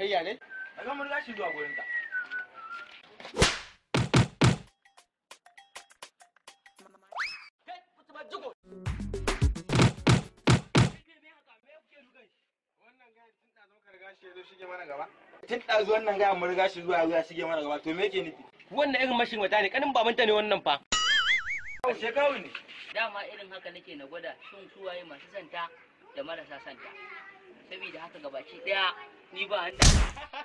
kai ya ne a ga mun gashi zuwa gurin ka tun ɗazu wannan gaya mun riga shi zuwa zuwa shige mana gaba to me yake nufi wannan irin mashin wata ne kanin babanta ne wannan fa shekaru ne dama irin haka nake na gwada shin suwaye masu santa da marasa santa sabida haka gabaki ɗaya. 你不安全。